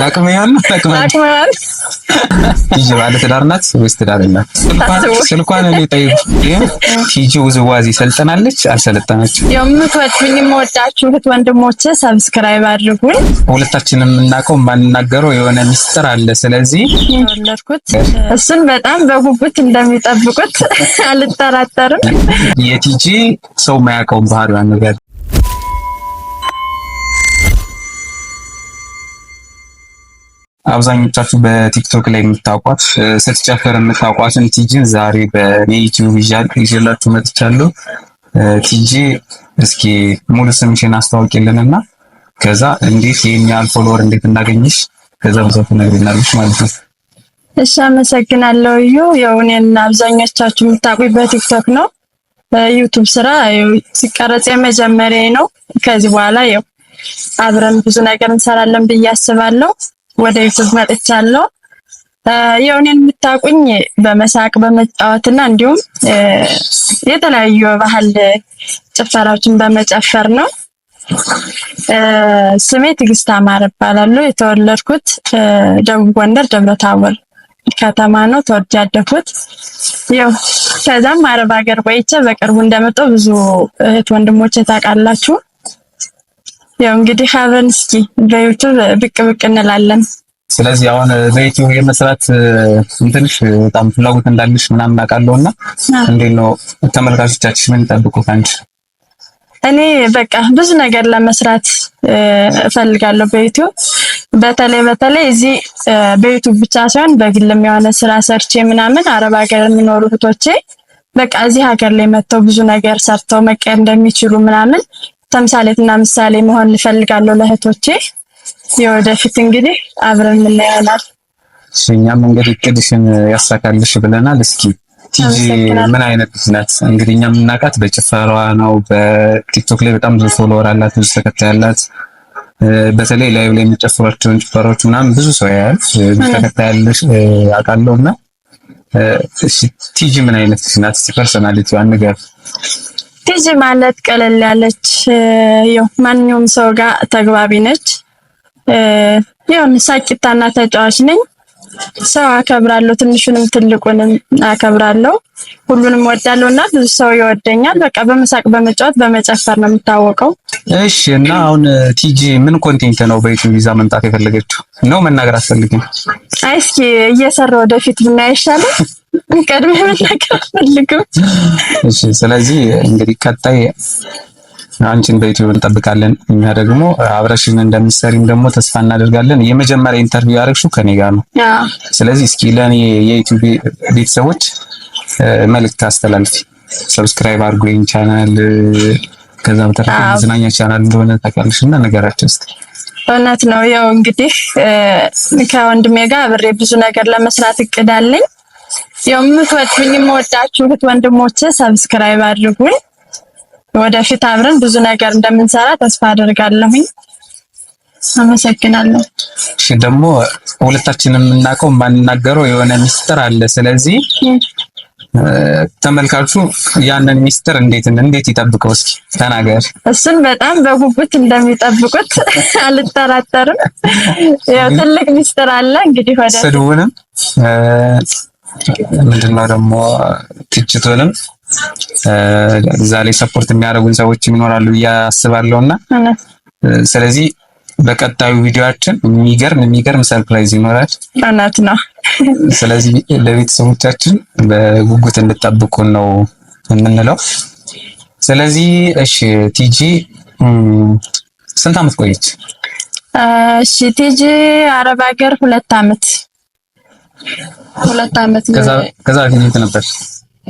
ላቅመያን ላቅመያን ሂጂ ባለ ትዳር ናት ወይስ ትዳር ናት? ስልኳን እኔ ጠይቁ። ሂጂ ውዝዋዜ ሰልጠናለች አልሰለጠናችም? የምትወዱኝ የምወዳችሁት ወንድሞቼ ሰብስክራይብ አድርጉን። ሁለታችንም የምናውቀው የማንናገረው የሆነ ሚስጥር አለ። ስለዚህ ወለድኩት እሱን በጣም በጉጉት እንደሚጠብቁት አልጠራጠርም። የቲጂ ሰው ማያውቀውን ባህሪዋን ነገር አብዛኞቻችሁ በቲክቶክ ላይ የምታውቋት ስትጨፍር የምታውቋትን ቲጂን ዛሬ በዩቲዩብ ይዤላችሁ መጥቻለሁ። ቲጂ እስኪ ሙሉ ስምሽን አስታውቂልንና ከዛ እንዴት ይሄን ያህል ፎሎወር እንዴት እናገኝሽ ከዛ ብዙ ትነግሪናለሽ ማለት ነው። እሺ አመሰግናለሁ። እዩ ያው እኔን አብዛኞቻችሁ የምታውቁኝ በቲክቶክ ነው። ዩቱብ ስራ ሲቀረጽ የመጀመሪያ ነው። ከዚህ በኋላ ያው አብረን ብዙ ነገር እንሰራለን ብዬ አስባለሁ። ወደ ዩቱብ መጥቻለሁ። የእውኔን የምታውቁኝ በመሳቅ በመጫወትና እንዲሁም የተለያዩ የባህል ጭፈራዎችን በመጨፈር ነው። ስሜ ትግስት አማረ እባላለሁ። የተወለድኩት ደቡብ ጎንደር ደብረታቦር ከተማ ነው ተወልጄ ያደኩት። ያው ከዛም አረብ ሀገር ቆይቼ በቅርቡ እንደመጣሁ ብዙ እህት ወንድሞቼ ታውቃላችሁ። ያው እንግዲህ ሀብን እስኪ በዩቱብ ብቅ ብቅ እንላለን። ስለዚህ አሁን በዩቲዩብ የመስራት እንትንሽ በጣም ፍላጎት እንዳለሽ ምናምን አውቃለሁ እና እንዴት ነው ተመልካቾቻችሽ ምን ይጠብቁ ከአንቺ? እኔ በቃ ብዙ ነገር ለመስራት እፈልጋለሁ በዩቲዩብ በተለይ በተለይ እዚህ በዩቲዩብ ብቻ ሳይሆን በግልም የሆነ ስራ ሰርቼ ምናምን አረብ ሀገር የሚኖሩ እህቶቼ በቃ እዚህ ሀገር ላይ መጥተው ብዙ ነገር ሰርተው መቀየር እንደሚችሉ ምናምን ተምሳሌትና ምሳሌ መሆን እፈልጋለሁ ለእህቶቼ። የወደፊት እንግዲህ አብረን የምናየናል። እኛም እንግዲህ እቅድሽን ያሳካልሽ ብለናል። እስኪ ቲጂ ምን አይነት ናት? እንግዲህ እኛ የምናውቃት በጭፈራዋ ነው። በቲክቶክ ላይ በጣም ብዙ ፎሎወር አላት፣ ብዙ ተከታይ አላት። በተለይ ላይቭ ላይ የሚጨፍሯቸውን ጭፈራዎች ምናምን ብዙ ሰው ያያል፣ ብዙ ተከታይ አለሽ አውቃለሁ። እና ቲጂ ምን አይነት ናት? ፐርሶናሊቲዋን ንገር ቲጂ ማለት ቀለል ያለች ያው ማንኛውም ሰው ጋር ተግባቢ ነች። ያው ሳቂታና ተጫዋች ነኝ። ሰው አከብራለሁ፣ ትንሹንም ትልቁንም አከብራለሁ። ሁሉንም እና ብዙ ሰው ይወደኛል። በቃ በመሳቅ በመጫወት በመጨፈር ነው የምታወቀው። እሺ። እና አሁን ቲጂ ምን ኮንቴንት ነው በዩቲዩብ ይዛ መምጣት የፈለገችው? ነው መናገር አትፈልግም? አይ እስኪ እየሰራ ወደፊት ብናይ ይሻላል። ቀድሜ መናገር አልፈልግም። ስለዚህ እንግዲህ ቀጣይ አንቺን በዩቲዩብ እንጠብቃለን። እኛ ደግሞ አብረሽን እንደምትሰሪም ደግሞ ተስፋ እናደርጋለን። የመጀመሪያ ኢንተርቪው ያደረግሽው ከኔ ጋር ነው። ስለዚህ እስኪ ለእኔ የዩቲዩብ ቤተሰቦች መልእክት አስተላልፊ። ሰብስክራይብ አድርጎኝ ቻናል፣ ከዛ በተረፈ መዝናኛ ቻናል እንደሆነ ታውቂያለሽ እና ነገራቸው እስኪ እውነት ነው። ያው እንግዲህ ከወንድሜ ጋር አብሬ ብዙ ነገር ለመስራት እቅዳለኝ። የምትወዱኝ የምወዳችሁት ወንድሞቼ ሰብስክራይብ አድርጉኝ። ወደፊት አብረን ብዙ ነገር እንደምንሰራ ተስፋ አደርጋለሁኝ። አመሰግናለሁ። እሺ ደግሞ ሁለታችንም የምናውቀው የማንናገረው የሆነ ሚስጥር አለ። ስለዚህ ተመልካቹ ያንን ሚስጥር እንዴት እንዴት ይጠብቀው እስኪ ተናገር። እሱን በጣም በጉጉት እንደሚጠብቁት አልጠራጠርም። ያው ትልቅ ሚስጥር አለ እንግዲህ ወደ ስድውንም ምንድነው ደግሞ ትችቱንም እዛ ላይ ሰፖርት የሚያደርጉን ሰዎችም ይኖራሉ ብዬ አስባለሁ እና ስለዚህ በቀጣዩ ቪዲዮአችን የሚገርም የሚገርም ሰርፕራይዝ ይኖራል። እናት ነው። ስለዚህ ለቤተሰቦቻችን በጉጉት እንድጠብቁን ነው የምንለው። ስለዚህ እሺ፣ ቲጂ ስንት አመት ቆየች? እሺ ቲጂ አረብ ሀገር ሁለት አመት ሁለት አመት ነው። ከዛ በፊት የት ነበር?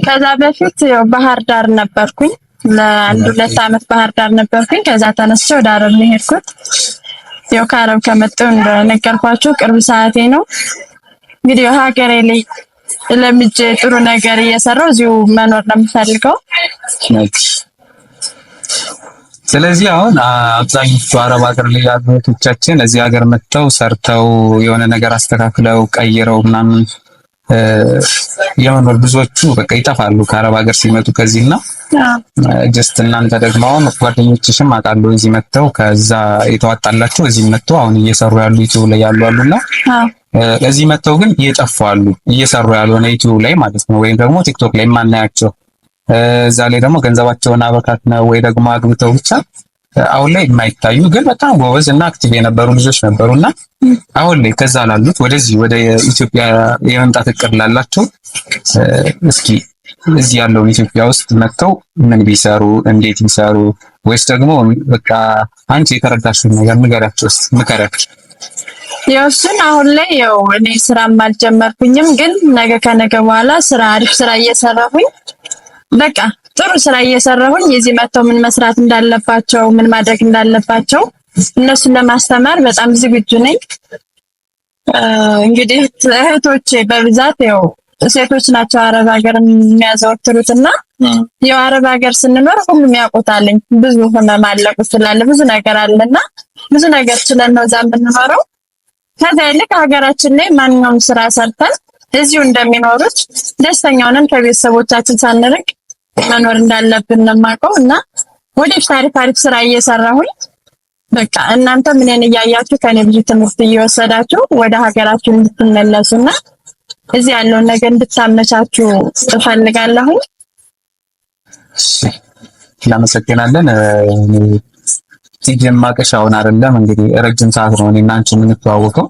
ከዛ በፊት ያው ባህር ዳር ነበርኩኝ። ለአንድ ሁለት አመት ባህር ዳር ነበርኩኝ። ከዛ ተነስቼ ወደ አረብ ነው የሄድኩት። ያው ከአረብ ከመጣሁ እንደነገርኳችሁ ቅርብ ሰዓቴ ነው። እንግዲህ ሀገሬ ላይ ለምጄ ጥሩ ነገር እየሰራሁ እዚሁ መኖር ነው የምፈልገው። ስለዚህ አሁን አብዛኞቹ አረብ ሀገር ላይ ያሉ እህቶቻችን እዚህ ሀገር መጥተው ሰርተው የሆነ ነገር አስተካክለው ቀይረው ምናምን የመኖር ብዙዎቹ በቃ ይጠፋሉ ከአረብ ሀገር ሲመጡ ከዚህ እና ጀስት እናንተ ደግሞ አሁን ጓደኞችሽም አውቃለሁ እዚህ መጥተው ከዛ የተዋጣላቸው እዚህ መጥተው አሁን እየሰሩ ያሉ ዩቲዩብ ላይ ያሉ አሉ አሉና እዚህ መጥተው ግን እየጠፉ አሉ እየሰሩ ያልሆነ ዩቲዩብ ላይ ማለት ነው ወይም ደግሞ ቲክቶክ ላይ የማናያቸው እዛ ላይ ደግሞ ገንዘባቸውን አበካክነው ወይ ደግሞ አግብተው ብቻ አሁን ላይ የማይታዩ ግን በጣም ጎበዝ እና አክቲቭ የነበሩ ልጆች ነበሩ እና አሁን ላይ ከዛ ላሉት ወደዚህ ወደ ኢትዮጵያ የመምጣት እቅድ ላላቸው እስኪ እዚህ ያለውን ኢትዮጵያ ውስጥ መጥተው ምን ቢሰሩ እንዴት ቢሰሩ፣ ወይስ ደግሞ በቃ አንቺ የተረዳሽውን ነገር ንገሪያቸው ውስጥ ምከሪያቸው። ያው እሱን አሁን ላይ ያው እኔ ስራም አልጀመርኩኝም፣ ግን ነገ ከነገ በኋላ ስራ አሪፍ ስራ እየሰራሁኝ በቃ ጥሩ ስራ እየሰራሁኝ እዚህ መጥተው ምን መስራት እንዳለባቸው ምን ማድረግ እንዳለባቸው እነሱን ለማስተማር በጣም ዝግጁ ነኝ። እንግዲህ እህቶቼ በብዛት ያው ሴቶች ናቸው አረብ ሀገር የሚያዘወትሩት እና ያው አረብ ሀገር ስንኖር ሁሉም ያውቁታልኝ ብዙ ሆነ ማለቁ ስላለ ብዙ ነገር አለና ብዙ ነገር ችለን ነው እዛ የምንኖረው። ከዛ ይልቅ ሀገራችን ላይ ማንኛውም ስራ ሰርተን እዚሁ እንደሚኖሩት ደስተኛ ሆነን ከቤተሰቦቻችን ሳንርቅ መኖር እንዳለብን ነው የማውቀው እና ወደፊት አሪፍ አሪፍ ስራ እየሰራሁኝ በቃ እናንተ እኔን እያያችሁ ከኔ ብዙ ትምህርት እየወሰዳችሁ ወደ ሀገራችሁ እንድትመለሱና እዚህ ያለውን ነገር እንድታመቻችሁ እፈልጋለሁ። እናመሰግናለን። ቲጂ ማቀሻውን አይደለም እንግዲህ ረጅም ሰዓት ነው እኔ እና አንቺ የምንተዋወቀው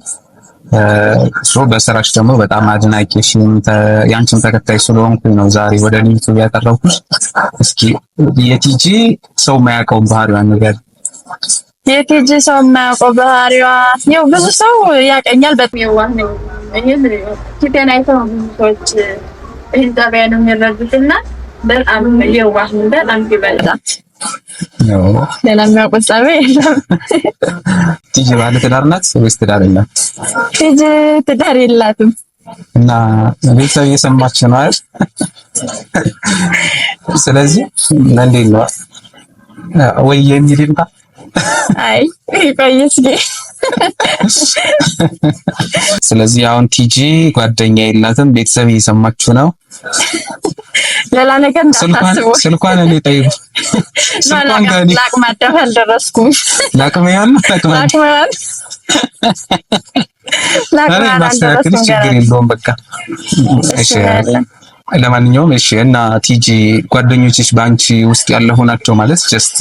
እሱ በስራሽ ደግሞ በጣም አድናቂሽ ያንቺን ተከታይ ስለሆንኩኝ ነው ዛሬ ወደ ዩቱብ ያቀረብኩሽ። እስኪ የቲጂ ሰው የማያውቀው ባህሪዋ ነገር። የቲጂ ሰው የማያውቀው ባህሪዋ ያው ብዙ ሰው ያቀኛል። በጣም የዋህ ነው። ይሄን ፊቴን አይተው ሰዎች ይህን ጠባይ ነው የሚረዱትና በጣም የዋህ በጣም ይበልጣል ሌላ የሚያውቁት ጸባይ የለም። ቲጂ ባለ ትዳር ናት ወይስ ትዳር የላት? ቲጂ ትዳር የላትም እና ቤተሰብ እየሰማች ነው አይደል? ስለዚህ እንዴት ነው ወይ የሚል ይምጣ። አይ ቆየስ ስለዚህ አሁን ቲጂ ጓደኛ የላትም። ቤተሰብ እየሰማችሁ ነው ሌላ ነገር እንዳታስቡ። ስልኳን እኔ ጠይቁ። ስልኳን ጋኒ ላቅ ማዳፍ አልደረስኩም። ላቅመያን ላቅመያን ላቅመያን አልደረስኩም። ችግር የለውም በቃ እሺ። ለማንኛውም እሺ። እና ቲጂ ጓደኞችሽ በአንቺ ውስጥ ያለሁ ናቸው ማለት ጀስት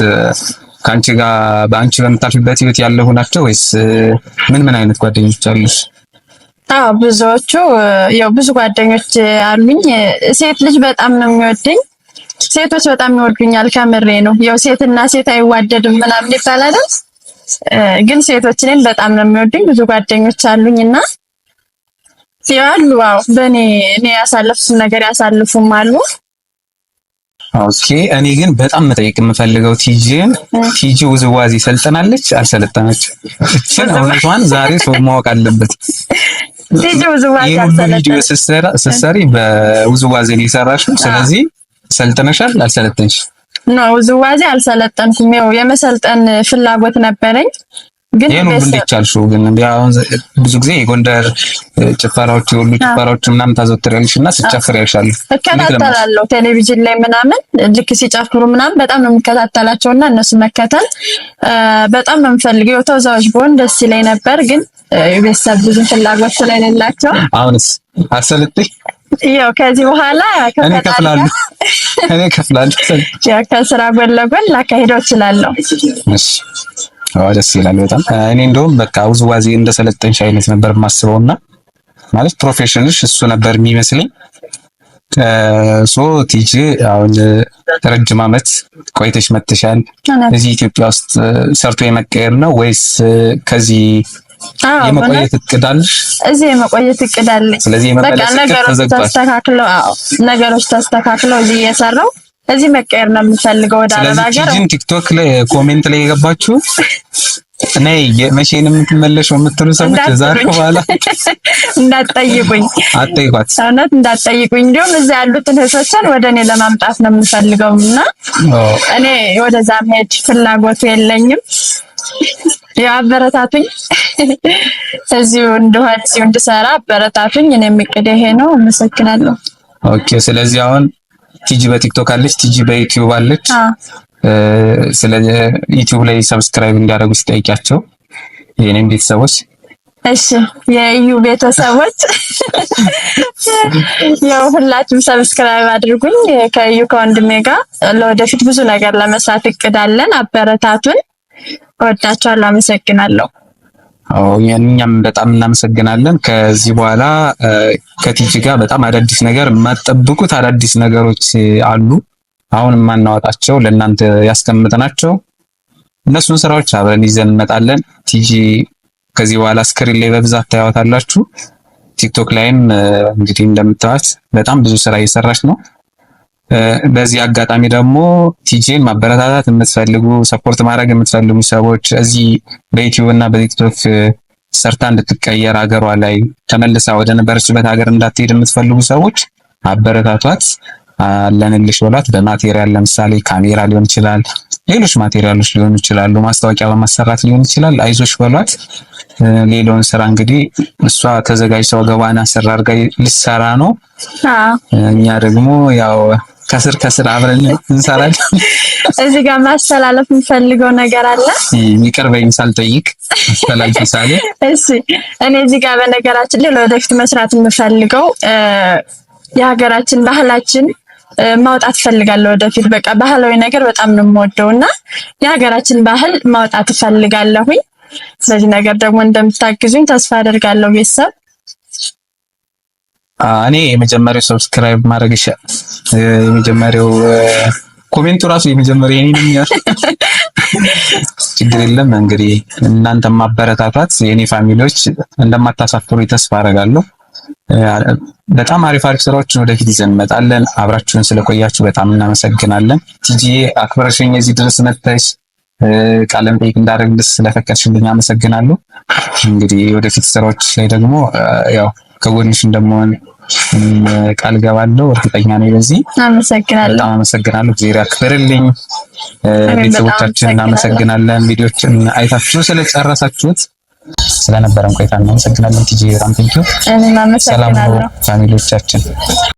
ከአንቺ ጋር በአንቺ በምታልፊበት ህይወት ያለሁ ናቸው ወይስ ምን ምን አይነት ጓደኞች አሉሽ? አዎ ብዙዎቹ ያው ብዙ ጓደኞች አሉኝ። ሴት ልጅ በጣም ነው የሚወደኝ፣ ሴቶች በጣም ይወዱኛል። ከምሬ ነው። ያው ሴትና ሴት አይዋደድም ምናምን ይባላል፣ ግን ሴቶች እኔን በጣም ነው የሚወዱኝ። ብዙ ጓደኞች አሉኝ እና ያሉ አዎ፣ በእኔ እኔ ያሳለፍኩትን ነገር ያሳልፉም አሉ። ኦኬ እኔ ግን በጣም መጠየቅ የምፈልገው ቲጂን ቲጂ ውዝዋዜ ሰልጠናለች አልሰለጠነች? እችን እውነቷን ዛሬ ሰው ማወቅ አለበት። ቪዲዮ ስትሰሪ በውዝዋዜ ነው የሰራሽው። ስለዚህ ሰልጥነሻል አልሰለጠንሽ? ውዝዋዜ አልሰለጠንኩም። ያው የመሰልጠን ፍላጎት ነበረኝ ግን ይቻልሽው ግን አሁን ብዙ ጊዜ የጎንደር ጭፈራዎች ጭፈራዎች ምናምን ታዘወትሪያለሽ እና እከታተላለሁ። ቴሌቪዥን ላይ ምናምን ልክ ሲጨፍሩ ምናምን በጣም ነው የምከታተላቸው እና እነሱ መከተል በጣም ነው የምፈልገው። ተወዛዋዥ በሆን ደስ ይለኝ ነበር ግን ቤተሰብ ብዙ ፍላጎት ስለሌላቸው አሁንስ አሰልጥኝ ያው ከዚህ በኋላ እኔ እከፍላለሁ እኔ እከፍላለሁ ከስራ ጎን ለጎን ላካሄደው እችላለሁ። እሺ አዎ ደስ ይላል በጣም እኔ እንደውም በቃ ውዝዋዜ እንደሰለጠንሽ አይነት ነበር የማስበውና ማለት ፕሮፌሽንሽ እሱ ነበር የሚመስለኝ። ሶ ቲጂ አሁን ረጅም አመት ቆይተሽ መጥተሻል። እዚህ ኢትዮጵያ ውስጥ ሰርቶ የመቀየር ነው ወይስ ከዚህ የመቆየት እቅድ አለሽ? እዚህ የመቆየት እቅድ አለኝ። ስለዚህ ተስተካክለው፣ ነገሮች ተስተካክለው እዚህ እየሰራው እዚህ መቀየር ነው የምፈልገው ወደ አረብ ሀገር። ስለዚህ ቲክቶክ ላይ ኮሜንት ላይ የገባችሁ እኔ የመቼ ነው የምትመለሽው የምትሉ ሰዎች ዛሬ በኋላ እንዳትጠይቁኝ፣ አትጠይቋት። እውነት እንዳትጠይቁኝ። እንዲሁም እዚህ ያሉትን እህቶችን ወደ እኔ ለማምጣት ነው የምፈልገው እና እኔ ወደዛ መሄድ ፍላጎቱ የለኝም። ያው አበረታቱኝ። እዚሁ እንደኋት እዚሁ እንድሰራ አበረታቱኝ። እኔ የሚቀደ ይሄ ነው። አመሰግናለሁ። ኦኬ። ስለዚህ አሁን ቲጂ በቲክቶክ አለች፣ ቲጂ በዩቲዩብ አለች። ስለዚህ ዩቲዩብ ላይ ሰብስክራይብ እንዲያደርጉ ሲጠይቂያቸው የኔም ቤተሰቦች እሺ የዩ ቤተሰቦች ያው ሁላችሁም ሰብስክራይብ አድርጉኝ። ከዩ ከወንድሜ ጋር ለወደፊት ብዙ ነገር ለመስራት እቅዳለን። አበረታቱን። እወዳችኋለሁ። አመሰግናለሁ። እኛም በጣም እናመሰግናለን። ከዚህ በኋላ ከቲጂ ጋር በጣም አዳዲስ ነገር የማትጠብቁት አዳዲስ ነገሮች አሉ። አሁን የማናወጣቸው ለእናንተ ያስቀምጥናቸው እነሱን ስራዎች አብረን ይዘን እንመጣለን። ቲጂ ከዚህ በኋላ ስክሪን ላይ በብዛት ታያዋታላችሁ። ቲክቶክ ላይም እንግዲህ እንደምታዩት በጣም ብዙ ስራ እየሰራች ነው። በዚህ አጋጣሚ ደግሞ ቲጄን ማበረታታት የምትፈልጉ ሰፖርት ማድረግ የምትፈልጉ ሰዎች እዚህ በዩቲዩብ እና በቲክቶክ ሰርታ እንድትቀየር ሀገሯ ላይ ተመልሳ ወደ ነበረችበት ሀገር እንዳትሄድ የምትፈልጉ ሰዎች አበረታቷት፣ አለንልሽ በሏት። በማቴሪያል ለምሳሌ ካሜራ ሊሆን ይችላል፣ ሌሎች ማቴሪያሎች ሊሆኑ ይችላሉ፣ ማስታወቂያ በማሰራት ሊሆን ይችላል። አይዞች በሏት። ሌላውን ስራ እንግዲህ እሷ ተዘጋጅተው ወገቧን አሰራ አድርጋ ልትሰራ ነው። እኛ ደግሞ ያው ከስር ከስር አብረን እንሰራለን። እዚህ ጋር ማስተላለፍ የምፈልገው ነገር አለ። የሚቀርበኝ ሳልጠይቅ አስተላልፍ ሳለ እሺ፣ እኔ እዚህ ጋር በነገራችን ላይ ለወደፊት መስራት የምፈልገው የሀገራችን ባህላችን ማውጣት እፈልጋለሁ። ወደፊት በቃ ባህላዊ ነገር በጣም ነው የምወደው እና የሀገራችን ባህል ማውጣት እፈልጋለሁኝ። ስለዚህ ነገር ደግሞ እንደምታግዙኝ ተስፋ አደርጋለሁ ቤተሰብ እኔ የመጀመሪያው ሰብስክራይብ ማድረግ ይሻል። የመጀመሪያው ኮሜንቱ ራሱ የመጀመሪያ የኔ ነው የሚያል ችግር የለም። እንግዲህ እናንተ ማበረታታት የኔ ፋሚሊዎች እንደማታሳፍሩ ተስፋ አደርጋለሁ። በጣም አሪፍ አሪፍ ስራዎችን ወደፊት ይዘን እንመጣለን። አብራችሁን ስለቆያችሁ በጣም እናመሰግናለን። ቲጂዬ አክብረሽኝ እዚህ ድረስ መጥተሽ ቃለ መጠይቅ እንዳደረግልሽ ስለፈቀድሽልኝ አመሰግናለሁ። እንግዲህ ወደፊት ስራዎች ላይ ደግሞ ያው ከጎንሽ እንደመሆን ቃል ገባለሁ። እርግጠኛ ነኝ በዚህ። አመሰግናለሁ። በጣም አመሰግናለሁ። እግዚአብሔር ያክብርልኝ። ቤተሰቦቻችን እናመሰግናለን። ቪዲዮችን አይታችሁ ስለጨረሳችሁት ስለነበረን ቆይታ እናመሰግናለን። ቲጂ ራም ቴንኪው። ሰላም ፋሚሊዎቻችን